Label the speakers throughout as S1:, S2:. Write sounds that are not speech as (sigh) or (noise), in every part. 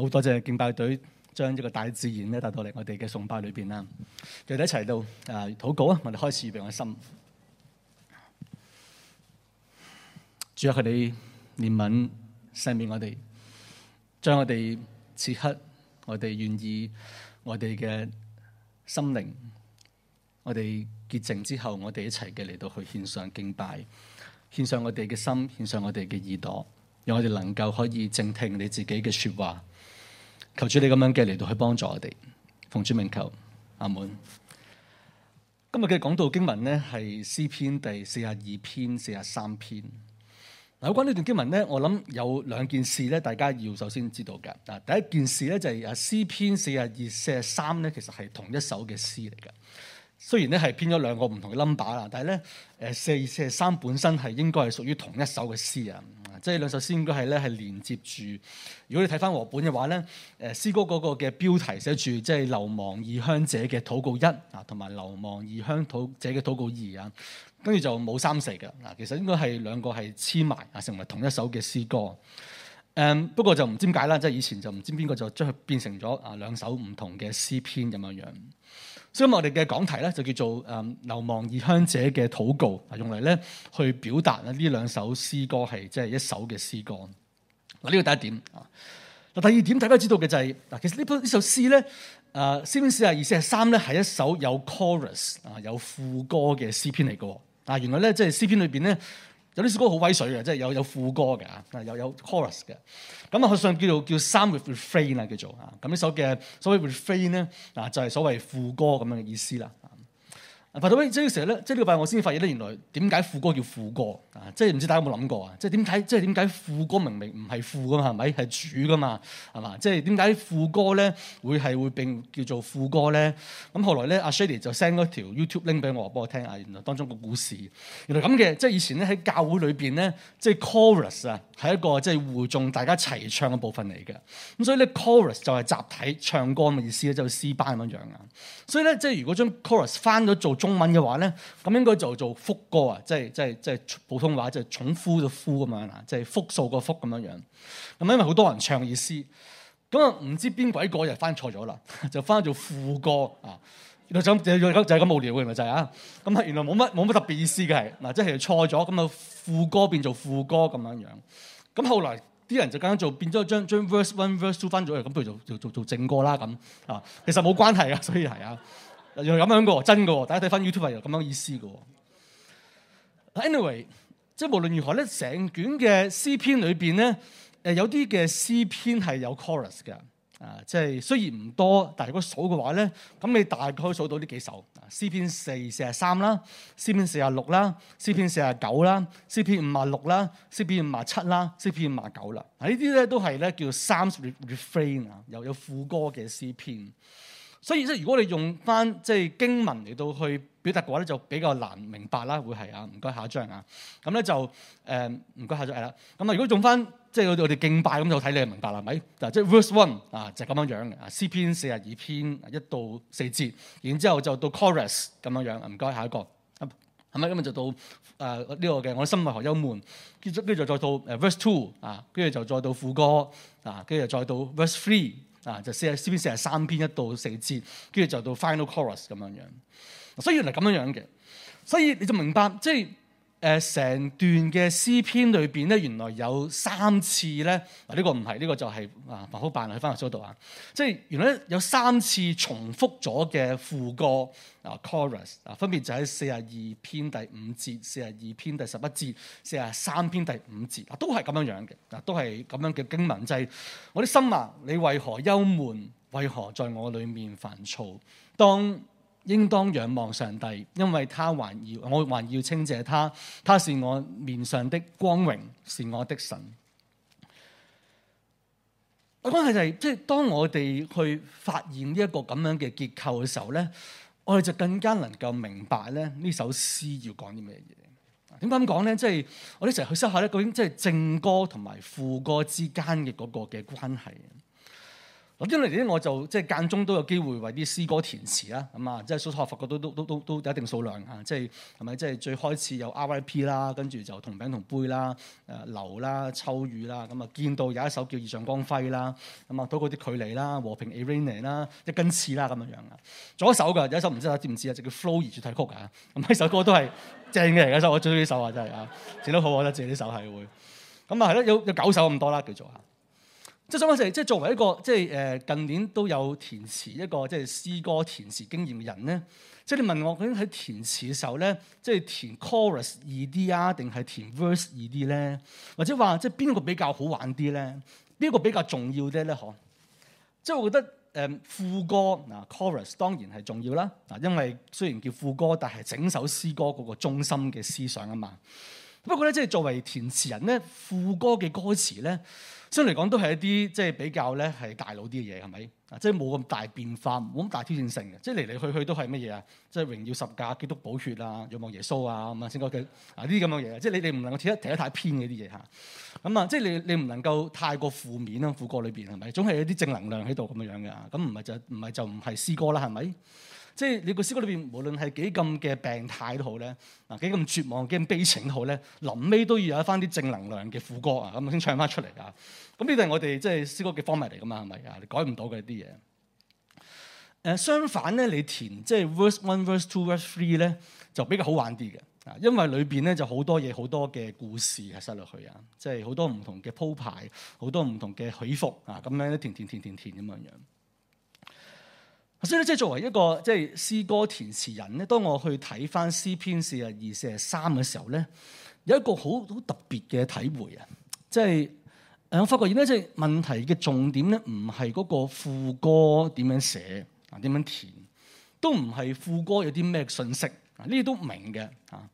S1: 好多謝敬拜隊將呢個大自然咧，帶到嚟我哋嘅崇拜裏邊啦、啊，我哋一齊到啊禱告啊，我哋開始預備我的心。主啊，佢哋憐憫赦免我哋，將我哋此刻我哋願意我哋嘅心靈，我哋潔淨之後，我哋一齊嘅嚟到去獻上敬拜，獻上我哋嘅心，獻上我哋嘅耳朵，讓我哋能夠可以靜聽你自己嘅說話。求主你咁樣嘅嚟到去幫助我哋，奉主名求，阿門。今日嘅講道經文咧，係詩篇第四十二篇、四十三篇。嗱，有關呢段經文咧，我諗有兩件事咧，大家要首先知道嘅。啊，第一件事咧就係啊，詩篇四十二、四十三咧，其實係同一首嘅詩嚟嘅。雖然咧係編咗兩個唔同嘅 number 啦，但係咧誒，四四三本身係應該係屬於同一首嘅詩啊，即係兩首詩應該係咧係連接住。如果你睇返和本嘅話咧，誒詩歌嗰個嘅標題寫住即係流亡異鄉者嘅禱告一啊，同埋流亡異鄉土者嘅禱告二啊，跟住就冇三四㗎嗱，其實應該係兩個係黐埋啊，成為同一首嘅詩歌。誒不過就唔知點解啦，即係以前就唔知邊個就將佢變成咗啊兩首唔同嘅詩篇咁樣樣，所以我哋嘅講題咧就叫做誒流亡異鄉者嘅禱告，用嚟咧去表達咧呢兩首詩歌係即係一首嘅詩歌。嗱、這、呢個第一點。嗱第二點大家知道嘅就係、是、嗱其實詩呢呢首詩咧誒詩篇四十二、四十三咧係一首有 chorus 啊有副歌嘅詩篇嚟嘅。嗱原來咧即係詩篇裏邊咧。有啲歌好威水嘅，即係有有副歌嘅啊，有有 chorus 嘅，咁啊佢上叫做叫 Psalm with refrain 啊叫做吓。咁呢首嘅所謂 refrain 咧啊就係所謂副歌咁樣嘅意思啦。啊！發到尾，即係成日咧，即係呢個拜，我先發現咧，原來點解副歌叫副歌啊！即係唔知大家有冇諗過啊！即係點解？即係點解副歌明明唔係副噶嘛？係咪係主噶嘛？係嘛？即係點解副歌咧會係會變叫做副歌咧？咁後來咧，阿 Shady 就 send 嗰條 YouTube link 俾我，幫我聽啊！原來當中個故事原來咁嘅。即係以前咧喺教會裏邊咧，即係 chorus 啊，係一個即係會眾大家齊唱嘅部分嚟嘅。咁所以咧 chorus 就係集體唱歌嘅意思咧，就係詩班咁樣樣啊。所以咧，即係如果將 chorus 翻咗做中文嘅話咧，咁應該就做複歌啊，即係即係即係普通話即係、就是、重複嘅複咁樣嗱，即係複數個複咁樣樣。咁因為好多人唱意思，咁啊唔知邊鬼個人翻錯咗啦，就翻做副歌啊。就咁就就係咁無聊嘅，原來就係啊。咁、就、啊、是、原來冇乜冇乜特別意思嘅係嗱，即係錯咗咁啊副歌變做副歌咁樣樣。咁後來啲人就更加做變咗將將 verse one verse two 分咗嘅，咁佢就就做做正歌啦咁啊。其實冇關係啊，所以係啊。又咁樣個，真個，大家睇翻 YouTube 又咁樣的意思個。Anyway，即係無論如何咧，成卷嘅詩篇裏邊咧，誒有啲嘅詩篇係有 chorus 嘅，啊，即係雖然唔多，但係如果數嘅話咧，咁你大概數到呢幾首啊，詩篇四四啊三啦，詩篇四十六啦，詩篇四十九啦，詩篇五十六啦，詩篇五十七啦，詩篇五十九啦。啊，呢啲咧都係咧叫 s a 三 s refrain 啊，又有副歌嘅詩篇。所以即係如果你用翻即係經文嚟到去表達嘅話咧，就比較難明白啦，會係啊，唔該下一張啊。咁咧就誒，唔、嗯、該下張係啦。咁啊，如果用翻即係我哋敬拜咁就睇你就明白啦，係咪？嗱，即係 verse one 啊，就係咁樣樣嘅啊。詩篇四十二篇一到四節，然之後就到 chorus 咁樣樣唔該，下一個，係咪今日就到誒呢、呃這個嘅我心物何憂悶？跟住跟住再到誒 verse two 啊，跟住就再到副歌啊，跟住就再到 verse three。啊，就四啊，四篇四十三篇一到四節，跟住就到 final chorus 咁樣樣。所以原來咁樣樣嘅，所以你就明白，即係。誒、呃、成段嘅詩篇裏邊咧，原來有三次咧，嗱、這、呢個唔係，呢、這個就係、是、啊彭福辦去翻嚟書度啊，即係原來有三次重複咗嘅副歌啊 chorus 啊，分別就喺四十二篇第五節、四十二篇第十一節、四十三篇第五節、啊，都係咁樣樣嘅、啊，都係咁樣嘅經文，就係、是、我啲心啊，你為何憂悶？為何在我裏面煩躁？當應當仰望上帝，因為他還要我還要稱謝他，他是我面上的光榮，是我的神。那個關係就係，即係當我哋去發現呢一個咁樣嘅結構嘅時候咧，我哋就更加能夠明白咧呢首詩要講啲咩嘢。點解咁講咧？即係我哋成日去思考咧，究竟即係正歌同埋副歌之間嘅嗰個嘅關係。咁因為而家我就即係間中都有機會為啲詩歌填詞啦，咁、嗯、啊，即係所所學佛過都都都都都有一定數量嚇、啊，即係係咪即係最開始有 RIP 啦，跟住就同餅同杯啦，誒、啊、流啦、秋雨啦，咁啊見到有一首叫《異象光輝》啦、啊，咁啊都嗰啲距離啦、和平 i r a n a 啦、一根刺啦咁樣樣嘅，左手嘅有一首唔知啊知唔知啊，就叫 Flow 而主題曲啊。咁呢首歌都係正嘅嚟嘅首，我最中意呢首啊真係啊，幾都好啊得自己啲手係會，咁啊係啦，有有九首咁多啦叫做嚇。即係想問即係作為一個即係誒近年都有填詞一個即係詩歌填詞經驗嘅人咧，即係你問我究竟喺填詞嘅時候咧，即係填 chorus 易 d 啊，定係填 verse 易 d 咧？或者話即係邊個比較好玩啲咧？邊個比較重要啲咧？嗬？即係我覺得誒副歌嗱、嗯、chorus 當然係重要啦，嗱因為雖然叫副歌，但係整首詩歌嗰個中心嘅思想啊嘛。不過咧，即係作為填詞人咧，副歌嘅歌詞咧。相嚟講都係一啲即係比較咧係大路啲嘅嘢係咪啊？即係冇咁大變化，冇咁大挑戰性嘅。即係嚟嚟去去都係乜嘢啊？即係榮耀十架、基督寶血啊、仰望耶穌啊咁啊，先哥基啊呢啲咁嘅嘢。即係你哋唔能夠睇得睇得太偏嘅啲嘢嚇。咁啊，即係你你唔能夠太過負面啊。副歌裏邊係咪？總係有啲正能量喺度咁樣樣嘅。咁唔係就唔係就唔係詩歌啦，係咪？即係你個詩歌裏邊，無論係幾咁嘅病態都好咧，嗱幾咁絕望、幾咁悲情都好咧，臨尾都要有一翻啲正能量嘅副歌啊！咁先唱翻出嚟啊！咁呢度係我哋即係詩歌嘅 format 嚟㗎嘛，係咪啊？你改唔到嘅啲嘢。誒相反咧，你填即係 verse one、verse two、verse three 咧，就比較好玩啲嘅啊，因為裏邊咧就好多嘢、好多嘅故事係塞落去啊，即係好多唔同嘅鋪排、好多唔同嘅起伏啊，咁樣一填填填填填咁樣樣。所以咧，即係作為一個即係詩歌填詞人咧，當我去睇翻詩篇四十二、四十三嘅時候咧，有一個好好特別嘅體會啊！即係誒，我發覺而家即係問題嘅重點咧，唔係嗰個副歌點樣寫啊，點樣填都唔係副歌有啲咩信息啊，呢啲都唔明嘅啊，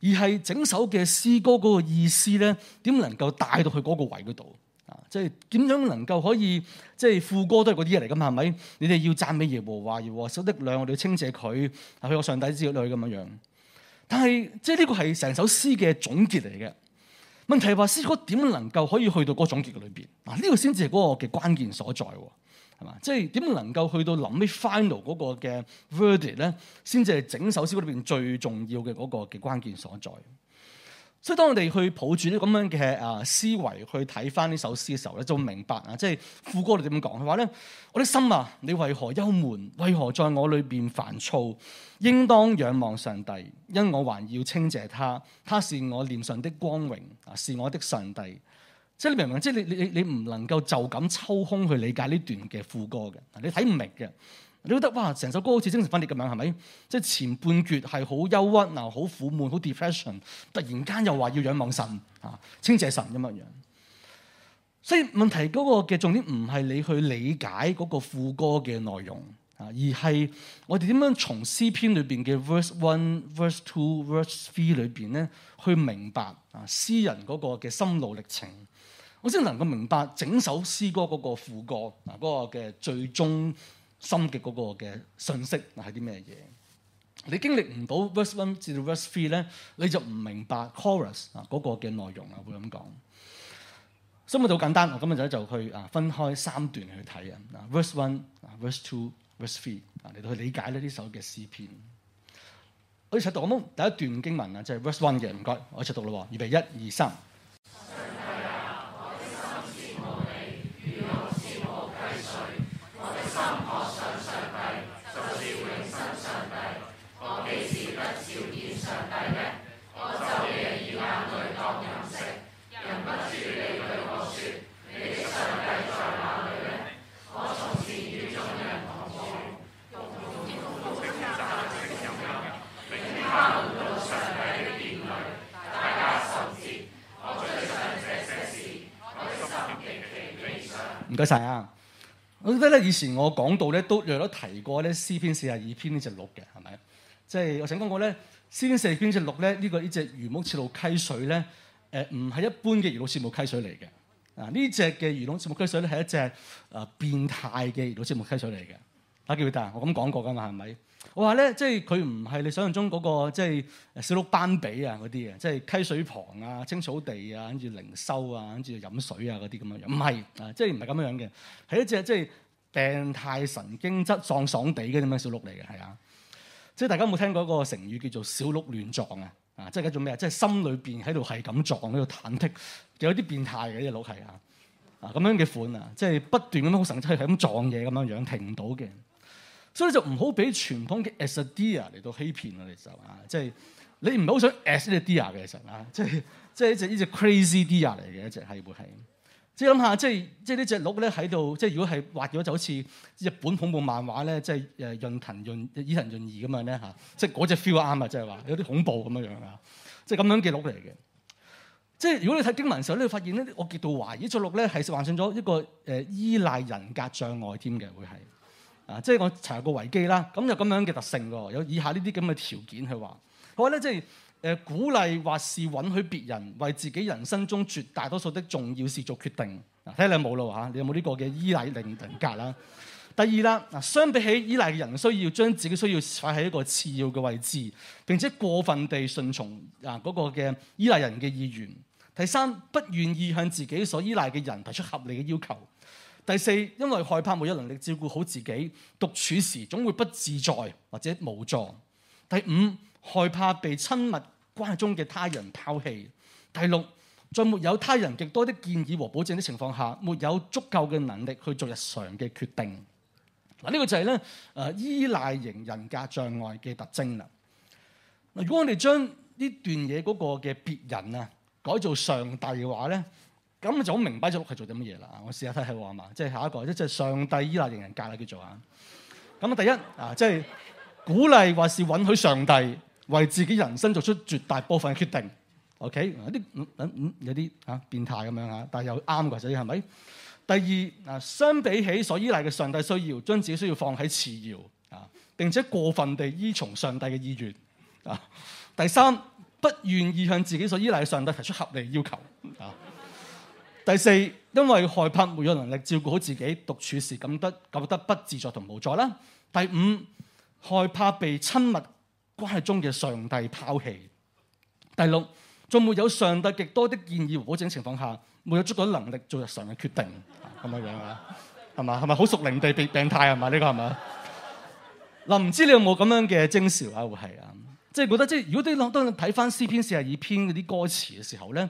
S1: 而係整首嘅詩歌嗰個意思咧，點能夠帶到去嗰個位度。即係點樣能夠可以，即係副歌都係嗰啲嘢嚟噶嘛？係咪？你哋要贊美耶和華，耶和華手的力量，我哋要稱謝佢，係佢個上帝之榮耀咁樣樣。但係即係呢、這個係成首詩嘅總結嚟嘅。問題話，詩歌點能夠可以去到嗰個總結嘅裏邊？嗱、啊、呢、這個先至係嗰個嘅關鍵所在，係嘛？即係點能夠去到臨尾 final 嗰個嘅 verdict 咧，先至係整首詩歌裏邊最重要嘅嗰個嘅關鍵所在。所以當我哋去抱住呢咁樣嘅啊思維去睇翻呢首詩嘅時候咧，就明白啊，即係副歌度點講？佢話咧，我啲心啊，你為何憂悶？為何在我裏邊煩躁？應當仰望上帝，因我還要稱謝他，他是我臉上的光榮啊，是我的上帝。即係你明唔明？即係你你你你唔能夠就咁抽空去理解呢段嘅副歌嘅，你睇唔明嘅。你覺得哇，成首歌好似精神分裂咁樣，係咪？即係前半段係好憂鬱，嗱好苦悶，好 depression，突然間又話要仰望神啊，稱謝神咁樣樣。所以問題嗰個嘅重點唔係你去理解嗰個副歌嘅內容啊，而係我哋點樣從詩篇裏邊嘅 verse one、verse two、verse three 裏邊咧去明白啊詩人嗰個嘅心路歷程，我先能夠明白整首詩歌嗰個副歌嗱嗰個嘅最終心嘅嗰個嘅信息係啲咩嘢？你經歷唔到 verse one 至到 verse three 咧，你就唔明白 chorus 啊嗰個嘅內容啊，我會咁講。所以咪就好簡單，我今日就就去啊分開三段去睇啊，verse one、verse two、verse three 啊嚟到去理解呢啲首嘅詩篇。我哋就讀咁第一段經文啊，就係 verse one 嘅，唔該，我哋一齊讀嘞，預備，一二三。唔該晒啊！我覺得咧，以前我講到咧，都略都提過咧，《詩篇》四啊二篇呢隻鹿嘅，係咪？即係我想講過咧，《詩篇》四篇呢隻鹿咧，呢個呢隻如鹿切慕溪水咧，誒唔係一般嘅如鹿切慕溪水嚟嘅。啊，呢隻嘅如鹿切慕溪水咧，係一隻啊變態嘅如鹿切慕溪水嚟嘅。大家記得啦，我咁講過噶嘛，係咪？我話咧，即係佢唔係你想象中嗰個，即係小鹿斑比啊嗰啲嘅，即係溪水旁啊、青草地啊，跟住靈修啊，跟住飲水啊嗰啲咁樣樣，唔係啊，即係唔係咁樣樣嘅，係一隻即係病態神經質、撞爽地嘅咁樣小鹿嚟嘅，係啊。即係大家有冇聽過嗰個成語叫做小鹿亂撞啊？啊，即係叫做咩啊？即係心裏邊喺度係咁撞，喺度忐忑，有啲變態嘅呢隻鹿係啊啊咁樣嘅款啊，即係不斷咁樣好神經係咁撞嘢咁樣樣，停唔到嘅。所以就唔好俾傳統嘅 as a deer 嚟到欺騙啊。其實啊、是，即係你唔係好想 as a deer 嘅，其實啊，即係即係呢隻呢隻 crazy deer 嚟嘅，一隻係會係即係諗下，即係即係呢隻鹿咧喺度，即係如果係畫咗就好似日本恐怖漫畫咧，即係誒潤騰潤伊藤潤二咁樣咧吓，即係嗰隻 feel 啱啊，即係話有啲恐怖咁樣、咁樣、咁樣啊，即係咁樣嘅鹿嚟嘅。即係如果你睇經文嘅時候咧，你會發現咧，我極度懷疑隻鹿咧係患上咗一個誒依賴人格障礙添嘅，會係。啊！即係我查過維基啦，咁有咁樣嘅特性喎，有以下呢啲咁嘅條件去話。好話咧，即係誒、呃、鼓勵或是允許別人為自己人生中絕大多數的重要事做決定。睇、啊、下你有冇咯嚇？你有冇呢個嘅依賴型人格啦？ (laughs) 第二啦，嗱、啊，相比起依賴嘅人，需要將自己需要擺喺一個次要嘅位置，並且過分地順從啊嗰、那個嘅依賴人嘅意願。第三，不願意向自己所依賴嘅人提出合理嘅要求。第四，因為害怕沒有能力照顧好自己，獨處時總會不自在或者無助。第五，害怕被親密關係中嘅他人拋棄。第六，在沒有他人極多的建議和保證的情況下，沒有足夠嘅能力去做日常嘅決定。嗱，呢個就係咧誒，依賴型人格障礙嘅特徵啦。如果我哋將呢段嘢嗰個嘅別人啊改做上帝嘅話咧？咁就好明白咗係做啲乜嘢啦！我試下睇下我阿即係下一個，即、就、係、是、上帝依賴型人格啦，叫做啊。咁啊，第一啊，即、就、係、是、鼓勵或是允許上帝為自己人生做出絕大部分嘅決定。OK，有啲、嗯嗯、有啲嚇、啊、變態咁樣啊，但又啱嘅喎，就係咪？第二啊，相比起所依賴嘅上帝需要，將自己需要放喺次要啊，並且過分地依從上帝嘅意願啊。第三，不願意向自己所依賴嘅上帝提出合理要求啊。第四，因為害怕沒有能力照顧好自己，獨處時感得感得不自在同無助啦。第五，害怕被親密關係中嘅上帝拋棄。第六，仲沒有上帝極多的建議和保證情況下，沒有足夠能力做日常嘅決定咁嘅 (laughs) 樣啊，係嘛？係咪好屬靈地被病態啊？係咪呢個係咪嗱，唔 (laughs) 知你有冇咁樣嘅徵兆啊？會係啊，即係覺得即係如果你老當日睇翻詩篇四十二篇嗰啲歌詞嘅時候咧，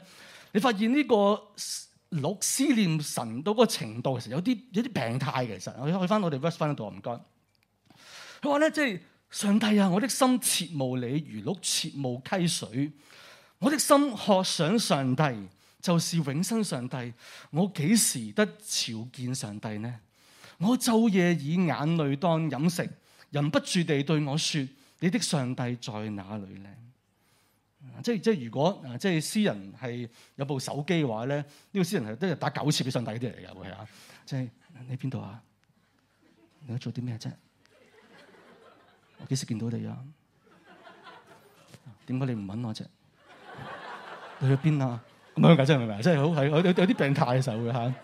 S1: 你發現呢、這個。六思念神到嗰個程度時，有啲有啲病態其實。我去翻我哋 Verse 翻嗰度，唔該。佢話咧，即係上帝啊，我的心切慕你，如鹿切慕溪水。我的心渴想上，上帝，就是永生上帝。我幾時得朝見上帝呢？我晝夜以眼淚當飲食，忍不住地對我説：你的上帝在哪裏呢？即即如果即係私人係有部手機嘅話咧，呢、這個私人係都係打九次俾上帝啲嚟嘅，喎係啊！即係你邊度啊？你而家做啲咩啫？我幾時見到你啊？點解你唔揾我啫？你去咗邊啊？咁樣嘅真係唔明啊！真係好係有啲病態嘅時候會嚇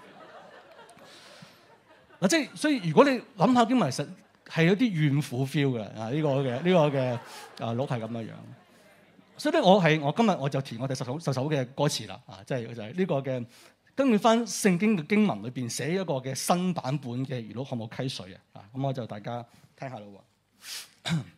S1: 嗱，即係所以如果你諗下經文實係有啲怨婦 feel 嘅啊，呢個嘅呢個嘅啊錄係咁嘅樣。所以咧，我係我今日我就填我哋十首十首嘅歌詞啦，啊，即係就係、是、呢個嘅根據翻聖經嘅經文裏邊寫一個嘅新版本嘅《如鹿切慕溪水》啊，咁我就大家聽一下咯喎。 (coughs)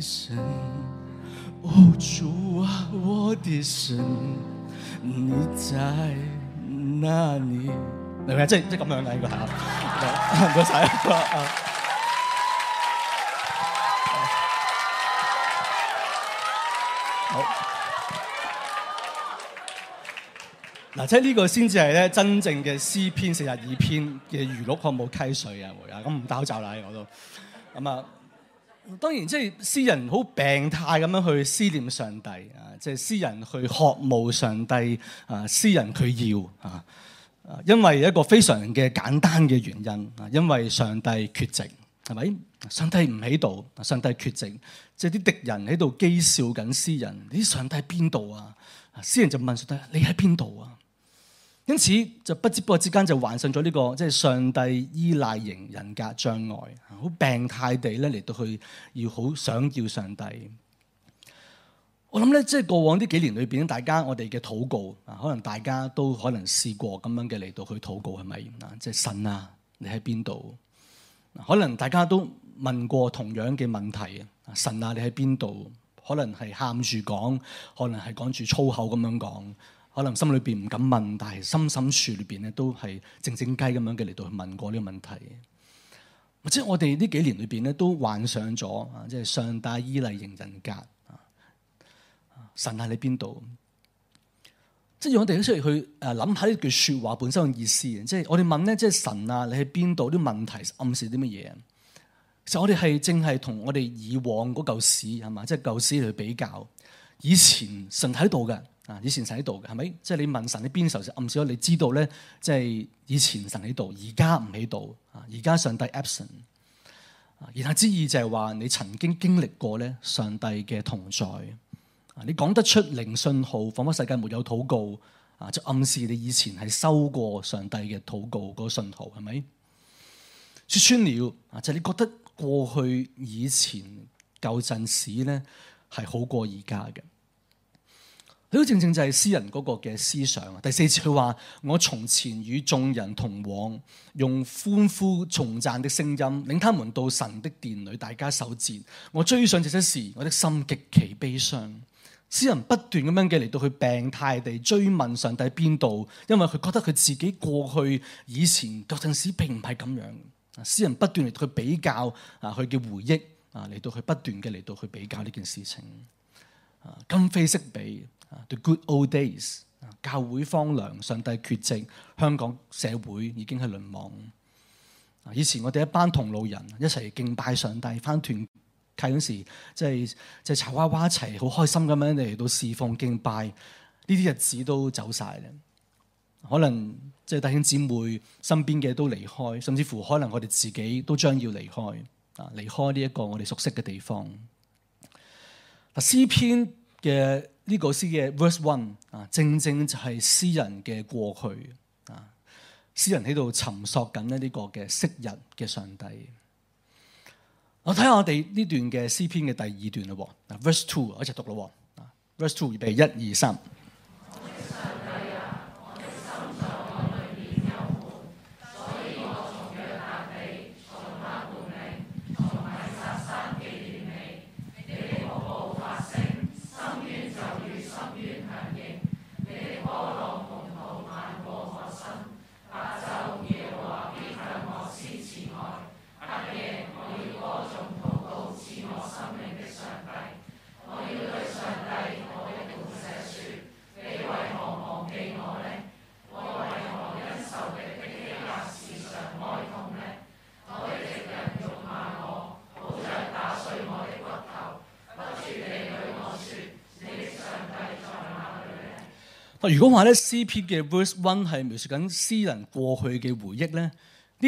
S2: 神，哦主啊，我的神，你在哪裏？
S1: 明白即即咁樣啦，應該係唔該晒好。嗱，即係呢個先至係咧真正嘅詩篇四十二篇嘅娛樂項目溪水啊，會啊，咁唔戴口罩啦，喺我度。咁啊。當然，即係詩人好病態咁樣去思念上帝啊！即係詩人去渴慕上帝啊！詩人佢要啊，因為一個非常嘅簡單嘅原因啊，因為上帝缺席係咪？上帝唔喺度，上帝缺席，即係啲敵人喺度譏笑緊詩人。啲上帝邊度啊？詩人就問上帝：你喺邊度啊？因此就不知不覺之間就患上咗呢、呢個即係、即係、上帝依賴型人格障礙，好病態地咧嚟到去要好想要上帝。我諗咧即係過往呢幾年裏邊，大家我哋嘅禱告，可能大家都可能試過咁樣嘅嚟到去禱告係咪？即係、即係、神啊，你喺邊度？可能大家都問過同樣嘅問題啊，神啊，你喺邊度？可能係喊住講，可能係講住粗口咁樣講。可能心裏邊唔敢問，但係心深深處裏邊咧都係靜靜雞咁樣嘅嚟到去問過呢個問題。即係我哋呢幾年裏邊咧都患上咗，即係上帝依賴型人格，神喺你邊度？即係我哋都出嚟去誒諗下呢句説話本身嘅意思。即係我哋問咧，即係神啊，你喺邊度？啲問題暗示啲乜嘢？其實我哋係正係同我哋以往嗰舊史係嘛，即係舊史嚟比較。以前神喺度嘅啊，以前神喺度嘅係咪？即係、就是、你問神你邊時候就暗示咗你知道咧，即、就、係、是、以前神喺度，而家唔喺度啊。而家上帝 absent 啊，言下之意就係話你曾經經歷過咧上帝嘅同在啊。你講得出零信號，仿佛世界沒有禱告啊，就暗示你以前係收過上帝嘅禱告個信號，係咪？説穿了啊，就是、你覺得過去以前舊陣時咧。係好過而家嘅，呢個正正就係詩人嗰個嘅思想啊！第四節，佢話：我從前與眾人同往，用歡呼、稱讚的聲音，領他們到神的殿裏，大家守節。我追上這些事，我的心極其悲傷。詩人不斷咁樣嘅嚟到去病態地追問上帝邊度，因為佢覺得佢自己過去以前嗰陣時並唔係咁樣的。詩人不斷嚟同佢比較啊，佢嘅回憶。啊，嚟到去不斷嘅嚟到去比較呢件事情，啊，今非昔比，啊，The Good Old Days，教會荒涼，上帝缺席，香港社會已經係淪亡。以前我哋一班同路人一齊敬拜上帝，翻團契嗰時，即係即係柴娃娃一齊好開心咁樣嚟到侍奉敬拜，呢啲日子都走晒啦。可能即係弟兄姊妹身邊嘅都離開，甚至乎可能我哋自己都將要離開。啊！離開呢一個我哋熟悉嘅地方。嗱，詩篇嘅呢、這個詩嘅 verse one 啊，正正就係詩人嘅過去啊，詩人喺度尋索緊呢呢個嘅昔日嘅上帝。我睇下我哋呢段嘅詩篇嘅第二段啦。嗱，verse two 我一齊讀啦。啊，verse two，預備，一、二、三。如果話咧，C.P. 嘅 verse one 係描述緊詩人過去嘅回憶咧，呢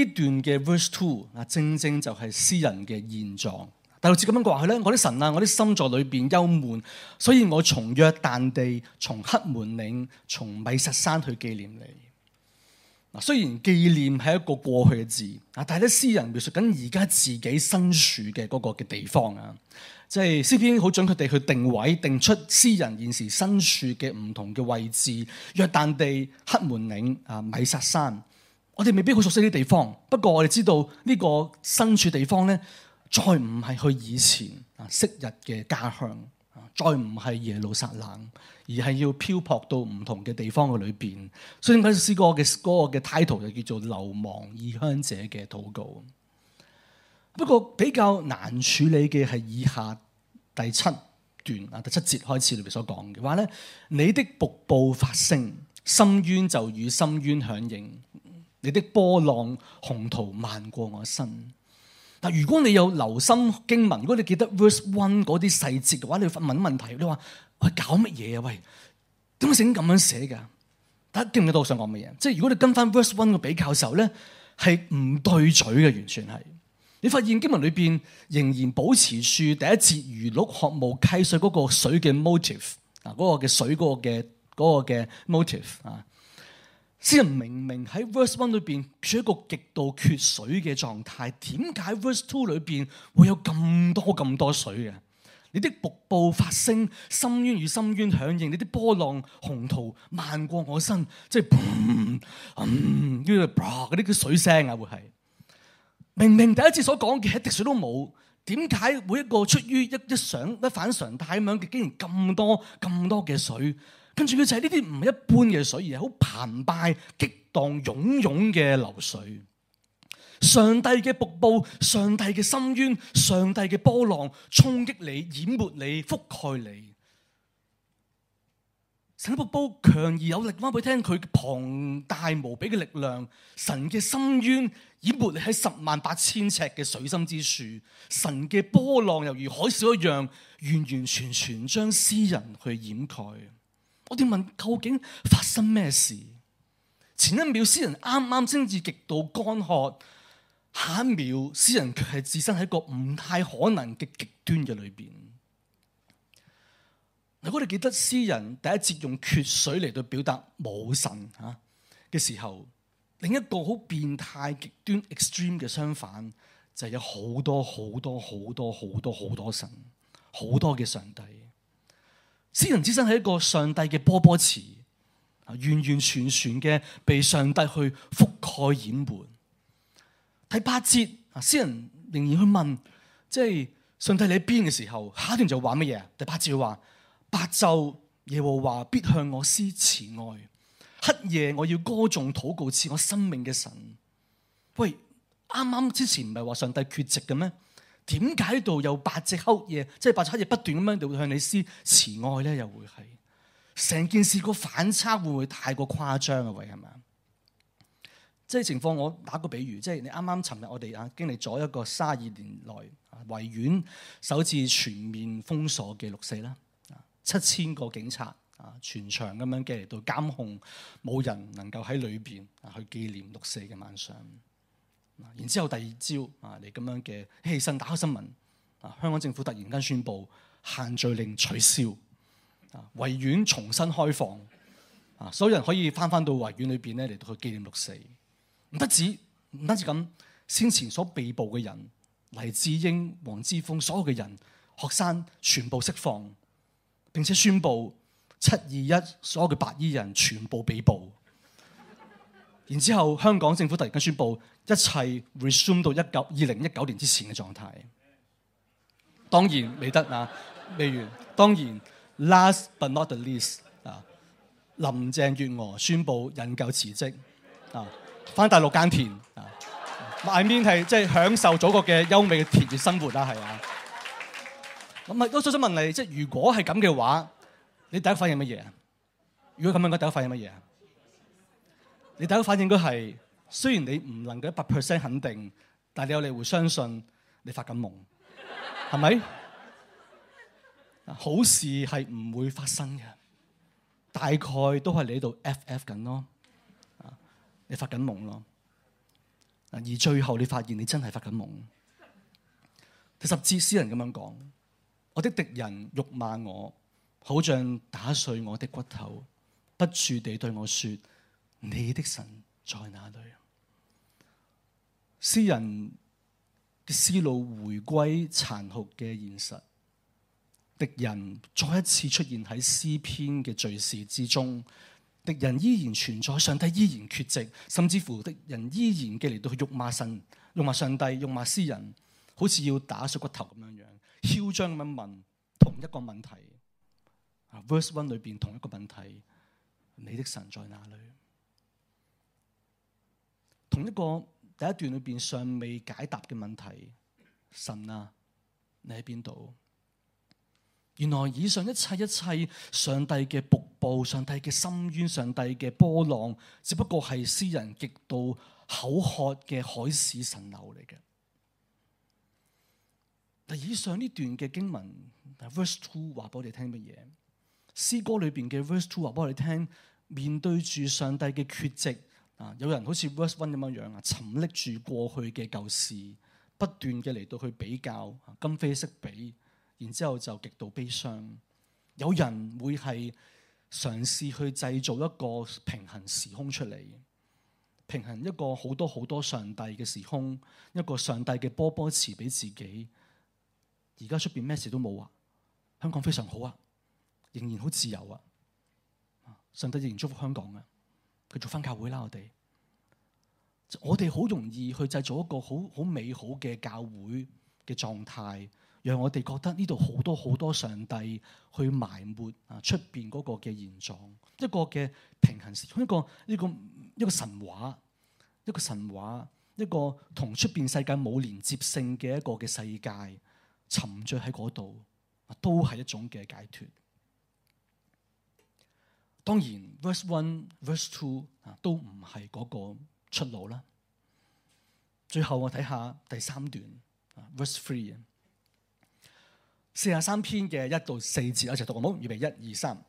S1: 段嘅 verse two 啊，正正就係詩人嘅現狀。第六節似咁樣講話佢咧，我啲神啊，我啲心在裏邊憂悶，所以我從約旦地，從黑門嶺，從米實山去紀念你。雖然紀念係一個過去嘅字，啊，但係啲詩人描述緊而家自己身處嘅嗰個嘅地方啊，即係詩篇好準確地去定位，定出詩人現時身處嘅唔同嘅位置，約旦地、黑門嶺、啊米薩山，我哋未必好熟悉呢啲地方，不過我哋知道呢個身處地方咧，再唔係去以前啊昔日嘅家鄉。再唔係耶路撒冷，而係要漂泊到唔同嘅地方嘅裏邊。所以點解詩歌嘅嗰個嘅 title 就叫做流亡異鄉者嘅禱告。不過比較難處理嘅係以下第七段啊第七節開始裏面所講嘅話咧，你的瀑布發聲，深淵就與深淵響應；你的波浪洪濤漫過我身。但如果你有留心經文，如果你記得 verse one 嗰啲細節嘅話，你會問問問題，你話佢搞乜嘢啊？喂，點解咁樣寫㗎？大家記唔記得我想講乜嘢？即係如果你跟翻 verse one 個比較嘅時候咧，係唔對嘴嘅，完全係。你發現經文裏邊仍然保持住第一節如鹿渴慕溪水嗰個的水嘅 motif 啊，嗰個嘅水嗰個嘅嗰個嘅 motif 啊。那個詩人明明喺 verse one 裏邊處一個極度缺水嘅狀態，點解 verse two 裏邊會有咁多咁多水嘅？你啲瀑布發聲，深淵與深淵響應，你啲波浪洪濤漫過我身，即係嘭，嗯，跟住啲水聲啊會，會係明明第一次所講嘅係一滴水都冇，點解每一個出於一一想一反常態咁樣，佢竟然咁多咁多嘅水？跟住佢就係呢啲唔係一般嘅水，而係好澎湃、激盪、湧湧嘅流水。上帝嘅瀑布，上帝嘅深淵，上帝嘅波浪，衝擊你、淹沒你、覆蓋你。神嘅瀑布強而有力，話俾你聽佢龐大無比嘅力量。神嘅深淵淹沒你喺十萬八千尺嘅水深之處。神嘅波浪又如海潮一樣，完完全全將詩人去掩蓋。我哋問，究竟發生咩事？前一秒詩人啱啱先至極度乾渴，下一秒詩人卻係置身喺個唔太可能嘅極端嘅裏邊。如果你記得詩人第一次用缺水嚟到表達冇神吓嘅時候，另一個好變態極端 extreme 嘅相反就係、是、有好多好多好多好多好多神，好多嘅上帝。詩人之身係一個上帝嘅波波池，完完全全嘅被上帝去覆蓋掩瞞。睇八節，詩人仍然去問，即係上帝你喺邊嘅時候？下一段就話乜嘢？第八節佢話：白晝耶和華必向我施慈愛，黑夜我要歌頌禱告賜我生命嘅神。喂，啱啱之前唔係話上帝缺席嘅咩？點解度有八隻黑夜？即係八隻黑夜不斷咁樣就會向你施慈愛咧？又會係成件事個反差會唔會太過誇張啊？位係咪啊？即係情況，我打個比喻，即係你啱啱尋日我哋啊經歷咗一個卅二年來維園首次全面封鎖嘅六四啦，七千個警察啊，全場咁樣嘅嚟到監控，冇人能夠喺裏邊啊去紀念六四嘅晚上。然之後第二朝，你咁樣嘅起身打開新聞，香港政府突然間宣佈，限聚令取消，維園重新開放，所有人可以返返到維園裏面咧嚟到佢紀念六四。唔得止唔得止咁，先前所被捕嘅人黎智英、黃之鋒所有嘅人，學生全部釋放。並且宣佈七二一所有嘅白衣人全部被捕。然之後，香港政府突然間宣布一切 resume 到一九二零一九年之前嘅狀態，當然未得啊，未完。當然 last but not the least 啊，林鄭月娥宣布引咎辭職啊，翻大陸耕田啊 (laughs) ，my mean 係即係享受祖國嘅優美嘅田園生活啦，係啊。咁啊，都都想問你，即係如果係咁嘅話，你第一反應乜嘢啊？如果咁樣嘅，我第一反應乜嘢啊？你第一反應應該係，雖然你唔能夠一百 percent 肯定，但係你有理由相信你發緊夢，係 (laughs) 咪？好事係唔會發生嘅，大概都係你喺度 ff 緊咯，你發緊夢咯。而最後你發現你真係發緊夢。第十節，詩人咁樣講：我的敵人辱罵我，好像打碎我的骨頭，不住地對我說。你的神在哪裏？詩人嘅思路回歸殘酷嘅現實，敵人再一次出現喺詩篇嘅敘事之中。敵人依然存在，上帝依然缺席，甚至乎敵人依然嘅嚟到去辱罵神、辱罵上帝、辱罵詩人，好似要打碎骨頭咁樣樣，囂張咁樣問同一個問題。啊，verse one 裏邊同一個問題，你的神在哪裏？同一個第一段裏邊尚未解答嘅問題，神啊，你喺邊度？原來以上一切一切，上帝嘅瀑布、上帝嘅深淵、上帝嘅波浪，只不過係詩人極度口渴嘅海市蜃樓嚟嘅。嗱，以上呢段嘅經文 verse two 話俾我哋聽乜嘢？詩歌裏邊嘅 verse two 話俾我哋聽，面對住上帝嘅缺席。啊！有人好似 West One 咁樣樣啊，沉溺住過去嘅舊事，不斷嘅嚟到去比較，今非昔比，然之後就極度悲傷。有人會係嘗試去製造一個平衡時空出嚟，平衡一個好多好多上帝嘅時空，一個上帝嘅波波池俾自己。而家出面咩事都冇啊，香港非常好啊，仍然好自由啊，上帝仍然祝福香港啊！繼續翻教會啦，我哋，我哋好容易去製造一個好好美好嘅教會嘅狀態，讓我哋覺得呢度好多好多上帝去埋沒啊出邊嗰個嘅現狀，一個嘅平行時空，一個一個一個神話，一個神話，一個同出邊世界冇連接性嘅一個嘅世界，沉醉喺嗰度，都係一種嘅解脫。當然，verse one、verse two 啊，都唔係嗰個出路啦。最後我睇下第三段，verse three，四十三篇嘅一到四節，一齊讀好唔好？預備一、二、三。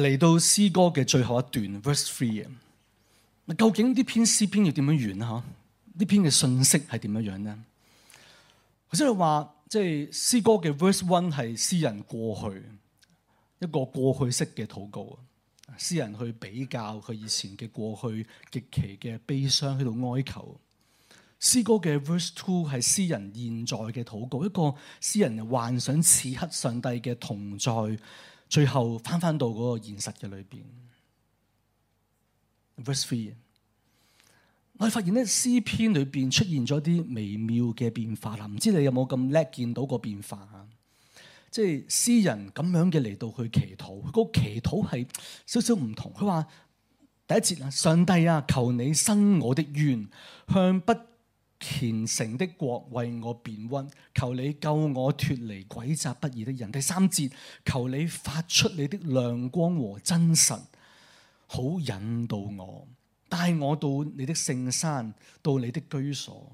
S1: 嚟到詩歌嘅最後一段 verse three 啊，究竟呢篇詩篇要點樣完咧？呢篇嘅信息係點樣樣咧？佢即係話，即係詩歌嘅 verse one 係詩人過去一個過去式嘅禱告，詩人去比較佢以前嘅過去極其嘅悲傷喺度哀求。詩歌嘅 verse two 係詩人現在嘅禱告，一個詩人幻想此刻上帝嘅同在。最後翻翻到個現實嘅裏邊。verse t 我哋發現咧詩篇裏邊出現咗啲微妙嘅變化啊！唔知你有冇咁叻見到個變化啊？即係詩人咁樣嘅嚟到去祈禱，佢個祈禱係少少唔同。佢話第一節啊，上帝啊，求你伸我的願向不虔誠的國為我辨屈，求你救我脫離詭詐不義的人。第三節，求你發出你的亮光和真實，好引導我，帶我到你的聖山，到你的居所。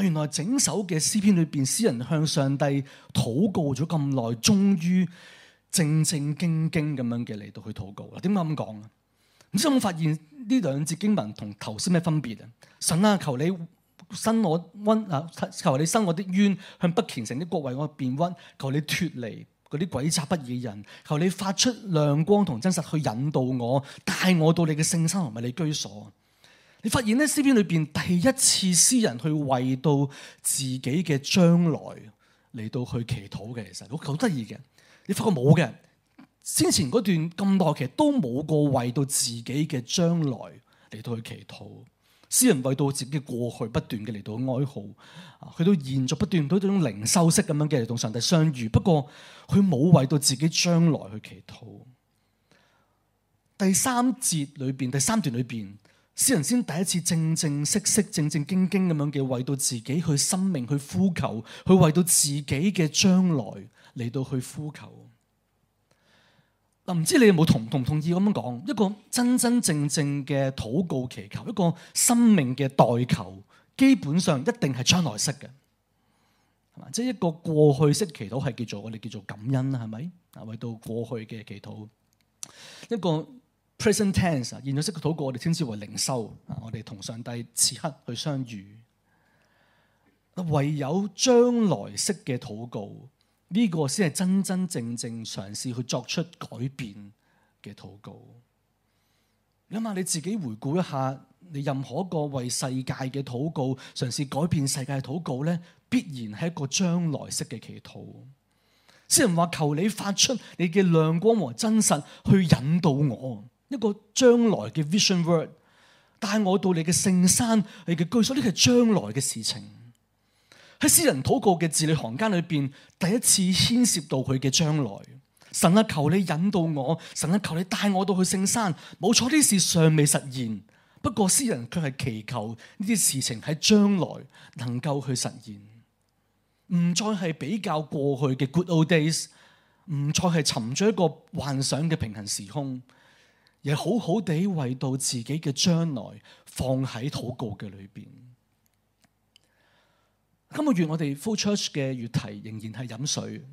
S1: 原來整首嘅詩篇裏邊，詩人向上帝禱告咗咁耐，終於正正經經咁樣嘅嚟到去禱告。嗱，點解咁講？你知唔知我發現呢兩節經文同頭先咩分別啊？神啊，求你伸我温啊！求你伸我啲冤，向不虔誠的國為我辨屈。求你脫離嗰啲詭詐不義嘅人。求你發出亮光同真實去引導我，帶我到你嘅聖山同埋你居所。你發現呢，詩篇裏邊第一次詩人去為到自己嘅將來嚟到去祈禱嘅，其實好得意嘅。你發覺冇嘅。先前嗰段咁耐，其實都冇過為到自己嘅將來嚟到去祈禱。詩人為到自己過去不斷嘅嚟到哀號，啊，佢都延續不斷到一種靈修式咁樣嘅嚟同上帝相遇。不過佢冇為到自己將來去祈禱。第三節裏邊，第三段裏邊，詩人先第一次正正式式、正正經經咁樣嘅為到自己去生命去呼求，去為到自己嘅將來嚟到去呼求。嗱，唔知你有冇同同唔同意咁樣講？一個真真正正嘅禱告祈求，一個生命嘅代求，基本上一定係將來式嘅，係嘛？即係一個過去式祈禱，係叫做我哋叫做感恩啦，係咪？啊，為到過去嘅祈禱，一個 present tense 現在式嘅禱告，我哋稱之為靈修，啊，我哋同上帝此刻去相遇。唯有將來式嘅禱告。呢個先係真真正正嘗試去作出改變嘅禱告。諗下你自己回顧一下，你任何一個為世界嘅禱告，嘗試改變世界嘅禱告咧，必然係一個將來式嘅祈禱。詩人話求你發出你嘅亮光和真實去引導我，一個將來嘅 vision word，帶我到你嘅聖山，你嘅居所，呢個係將來嘅事情。喺私人禱告嘅字裏行間裏邊，第一次牽涉到佢嘅將來。神啊，求你引導我；神啊，求你帶我到去聖山。冇錯，呢事尚未實現，不過詩人卻係祈求呢啲事情喺將來能夠去實現。唔再係比較過去嘅 good old days，唔再係尋找一個幻想嘅平行時空，亦好好地為到自己嘅將來放喺禱告嘅裏邊。今個月我哋 flow church 嘅月題仍然係飲水，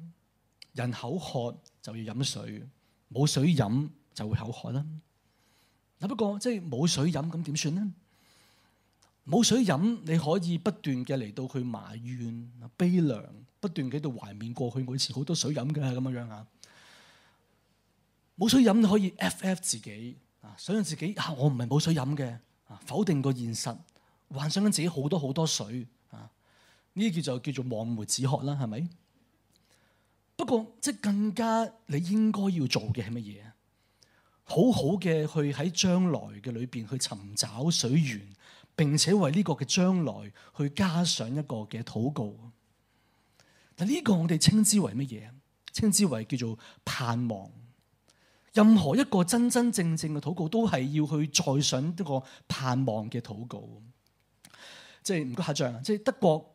S1: 人口渴就要飲水，冇水飲就會口渴啦。嗱，不過即係冇水飲咁點算咧？冇水飲你可以不斷嘅嚟到去埋怨、悲涼，不斷喺度懷緬過去，以前好多水飲嘅咁樣樣啊。冇水飲你可以 FF 自己啊，想象自己啊，我唔係冇水飲嘅，否定個現實，幻想緊自己好多好多水。呢啲叫做叫做望梅止渴啦，係咪？不過即係更加你應該要做嘅係乜嘢？好好嘅去喺將來嘅裏邊去尋找水源，並且為呢個嘅將來去加上一個嘅禱告。嗱，呢個我哋稱之為乜嘢？稱之為叫做盼望。任何一個真真正正嘅禱告都係要去再上一個盼望嘅禱告。即係唔該下降啊！即係德國。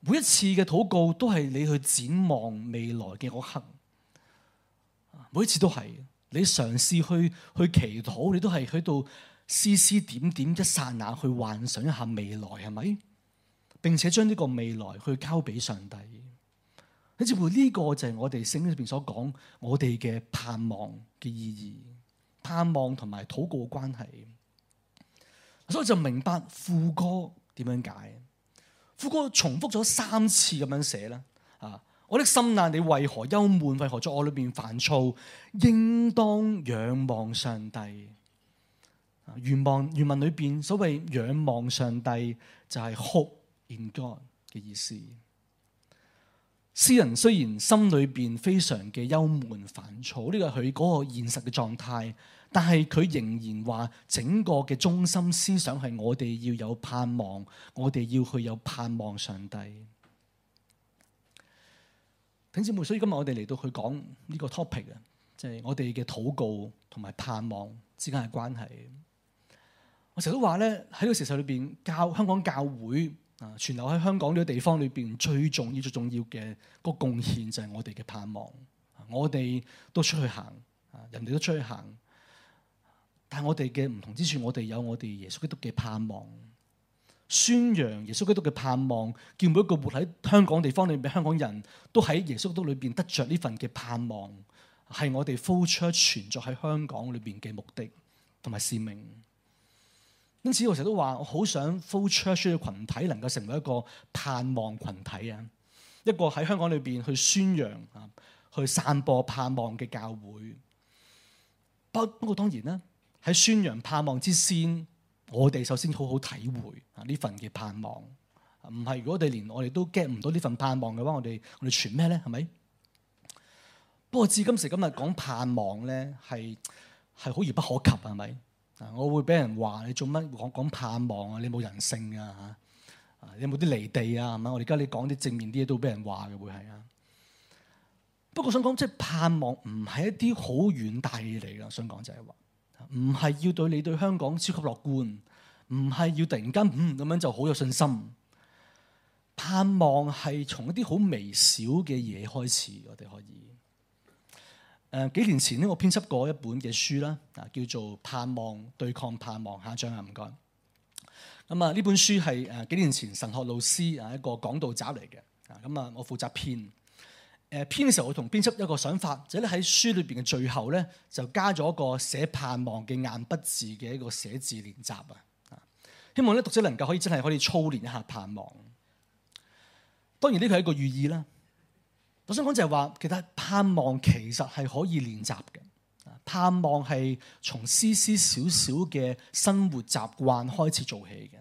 S1: 每一次嘅禱告都係你去展望未來嘅嗰刻，每一次都係你嘗試去去祈禱，你都係喺度絲絲點點一剎那去幻想一下未來係咪，並且將呢個未來去交俾上帝。你似乎呢個就係我哋聖經入邊所講我哋嘅盼望嘅意義，盼望同埋禱告嘅關係。所以我就明白副歌點樣解。副歌重複咗三次咁樣寫啦啊！我的心哪，你為何憂悶？為何在我裏邊煩躁？應當仰望上帝啊！願望原文裏邊所謂仰望上帝就係、是、Hope in God 嘅意思。詩人雖然心裏邊非常嘅憂悶煩躁，呢個係佢嗰個現實嘅狀態。但係佢仍然話，整個嘅中心思想係我哋要有盼望，我哋要去有盼望上帝。弟兄姊妹，所以今日我哋嚟到佢講呢個 topic 啊，即係我哋嘅禱告同埋盼望之間嘅關係。我成日都話咧，喺呢個時勢裏邊，教香港教會啊，存留喺香港呢個地方裏邊最重要、最重要嘅個貢獻就係我哋嘅盼望。我哋都出去行，人哋都出去行。但係我哋嘅唔同之處，我哋有我哋耶穌基督嘅盼望，宣揚耶穌基督嘅盼望，叫每一個活喺香港地方裏面嘅香港人都喺耶穌基督裏邊得着呢份嘅盼望，係我哋 flow church 存在喺香港裏邊嘅目的同埋使命。因此我成日都話，我好想 flow church 嘅群體能夠成為一個盼望群體啊，一個喺香港裏邊去宣揚啊，去散播盼望嘅教會。不不過當然啦。喺宣揚盼望之先，我哋首先好好體會啊呢份嘅盼望，唔係，如果我哋連我哋都 get 唔到呢份盼望嘅話，我哋我哋傳咩咧？係咪？不過至今時今日講盼望咧，係係好遙不可及，係咪？啊，我會俾人話你做乜講講盼望啊？你冇人性啊？吓，你有冇啲離地啊？係咪？我哋而家你講啲正面啲嘢都俾人話嘅，會係啊？不過想講即係盼望，唔係一啲好遠大嘅嘢嚟噶。我想講就係話。唔係要對你對香港超級樂觀，唔係要突然間嗯咁樣就好有信心。盼望係從一啲好微小嘅嘢開始，我哋可以。誒、呃、幾年前咧，我編輯過一本嘅書啦，啊叫做《盼望對抗盼望》，下張，唔該。咁啊，呢本書係誒幾年前神學老師啊一個講道集嚟嘅，啊咁啊我負責編。誒編嘅時候，我同編輯一個想法，就係咧喺書裏邊嘅最後咧，就加咗一個寫盼望嘅硬筆字嘅一個寫字練習啊！希望咧讀者能夠可以真係可以操練一下盼望。當然呢個係一個寓意啦。我想講就係話，其實盼望其實係可以練習嘅。盼望係從絲絲小小嘅生活習慣開始做起嘅，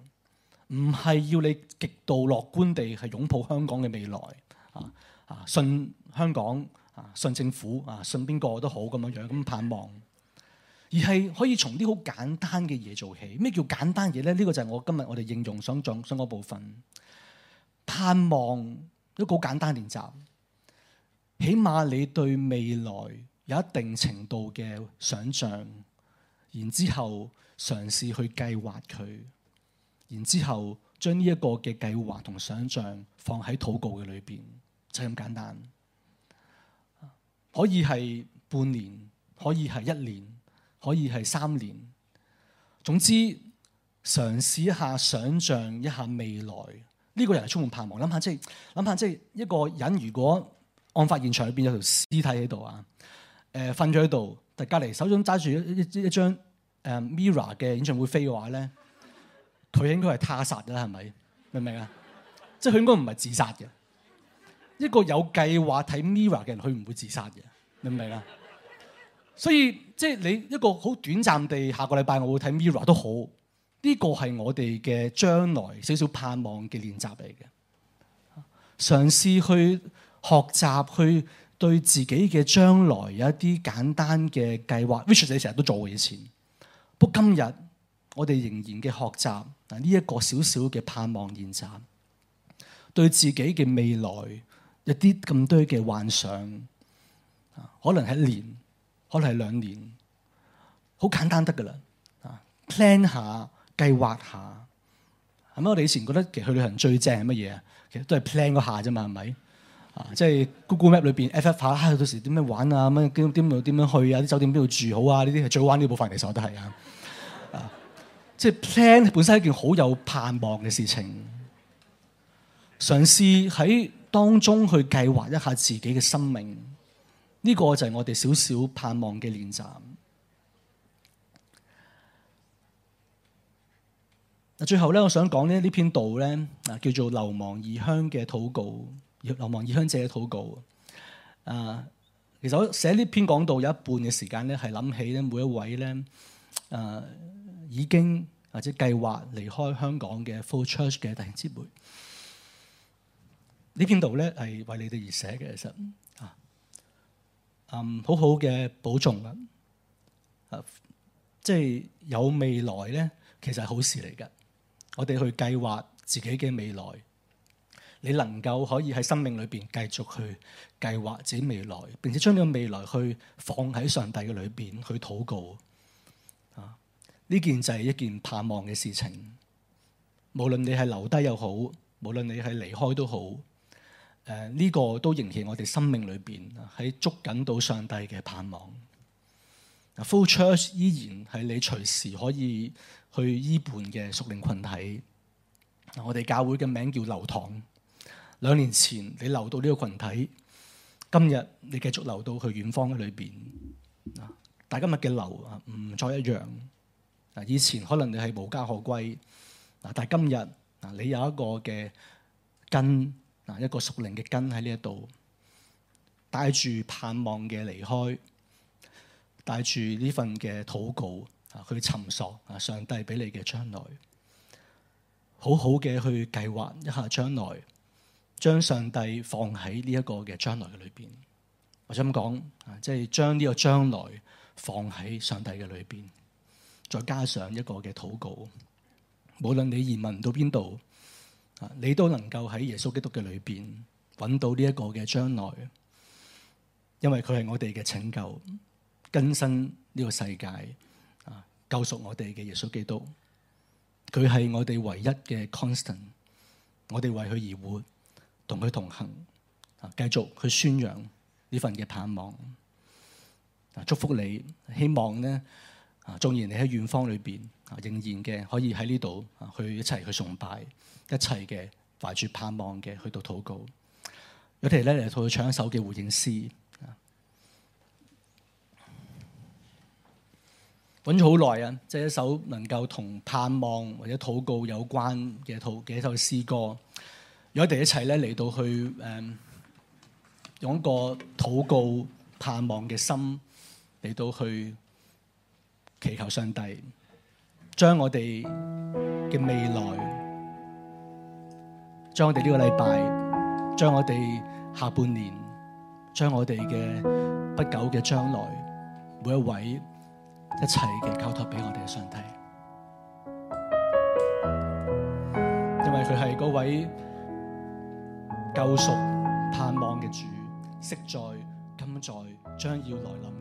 S1: 唔係要你極度樂觀地去擁抱香港嘅未來啊！啊！信香港啊！信政府啊！信邊個都好咁樣樣咁盼望，而係可以從啲好簡單嘅嘢做起。咩叫簡單嘢咧？呢個就係我今日我哋應用想講想嗰部分。盼望都好簡單練習，起碼你對未來有一定程度嘅想像，然之後嘗試去計劃佢，然之後將呢一個嘅計劃同想像放喺禱告嘅裏邊。就咁簡單，可以係半年，可以係一年，可以係三年，總之嘗試一下，想象一下未來呢個人係充滿盼望。諗下即係諗下即係一個人，如果案發現場條屍裏邊有條屍體喺度啊，誒瞓咗喺度，但隔籬手掌揸住一一張誒 mirror 嘅演唱會飛嘅話咧，佢應該係他殺啦，係咪？明唔明啊？ (laughs) 即係佢應該唔係自殺嘅。一個有計劃睇 mirror 嘅人，佢唔會自殺嘅，明唔明啊？ (laughs) 所以即係、就是、你一個好短暫地，下個禮拜我會睇 mirror 都好。呢、這個係我哋嘅將來少少盼望嘅練習嚟嘅，嘗試去學習去對自己嘅將來有一啲簡單嘅計劃。which 你成日都做嘅以前，不過今日我哋仍然嘅學習嗱呢一個少少嘅盼望練習，對自己嘅未來。一啲咁多嘅幻想啊，可能係一年，可能係兩年，好簡單得噶啦啊，plan 下計劃下咁。我哋以前覺得其實去旅行最正係乜嘢啊？其實都係 plan 個下啫嘛，係咪啊？即係 Google Map 裏面 FF 下，到時點樣玩啊？咁樣邊邊點樣去啊？啲酒店邊度住好啊？呢啲係最好玩。呢部分，所都係啊，啊，即係 plan 本身係一件好有盼望嘅事情，嘗試喺，當中去計劃一下自己嘅生命，呢個就係我哋少少盼望嘅練習。嗱，最後咧，我想講咧呢篇道咧，嗱叫做流亡異鄉嘅禱告，流亡異鄉者嘅禱告。啊，其實我寫呢篇講道有一半嘅時間咧，係諗起咧每一位咧，啊已經或者計劃離開香港嘅 flow church 嘅弟兄姊妹。這篇呢篇道咧係為你哋而寫嘅，嗯嗯就是，其實啊，嗯，好好嘅保重啦，啊，即係有未來咧，其實係好事嚟嘅。我哋去計劃自己嘅未來，你能夠可以喺生命裏邊繼續去計劃自己未來，並且將呢個未來去放喺上帝嘅裏邊去禱告啊！呢、嗯、件就係一件盼望嘅事情。無論你係留低又好，無論你係離開都好。誒、這、呢個都呈現我哋生命裏面喺捉緊到上帝嘅盼望。嗱，flow church 依然係你隨時可以去依伴嘅屬靈群體。我哋教會嘅名叫流堂。兩年前你流到呢個群體，今日你繼續流到去遠方嘅裏面。嗱，但今日嘅流唔再一樣。以前可能你係無家可歸，嗱，但今日你有一個嘅根，一個屬靈嘅根喺呢一度，帶住盼望嘅離開，帶住呢份嘅禱告啊，去尋索啊，上帝俾你嘅將來，好好嘅去計劃一下將來，將上帝放喺呢一個嘅將來嘅裏邊。我想咁講啊，即係將呢個將來放喺上帝嘅裏邊，再加上一個嘅禱告，無論你移民到邊度。你都能夠喺耶穌基督嘅裏面揾到呢一個嘅將來，因為佢係我哋嘅拯救、更新呢個世界啊！救贖我哋嘅耶穌基督，佢係我哋唯一嘅 constant。我哋為佢而活，同佢同行啊！繼續去宣揚呢份嘅盼望啊！祝福你，希望呢啊，縱然你喺遠方裏面。仍然嘅可以喺呢度去一齊去崇拜，一齊嘅懷住盼望嘅去到禱告。有啲人咧嚟到唱一首嘅回應詩，揾咗好耐啊！即係一首能夠同盼望或者禱告有關嘅套嘅一首詩歌。如果我哋一齊咧嚟到去誒，用個禱告盼望嘅心嚟到去祈求上帝。將我哋嘅未來，將我哋呢個禮拜，將我哋下半年，將我哋嘅不久嘅將來，每一位一齊嘅交託俾我哋嘅上帝，因為佢係嗰位救贖盼望嘅主，昔在、
S2: 今在、將要來臨。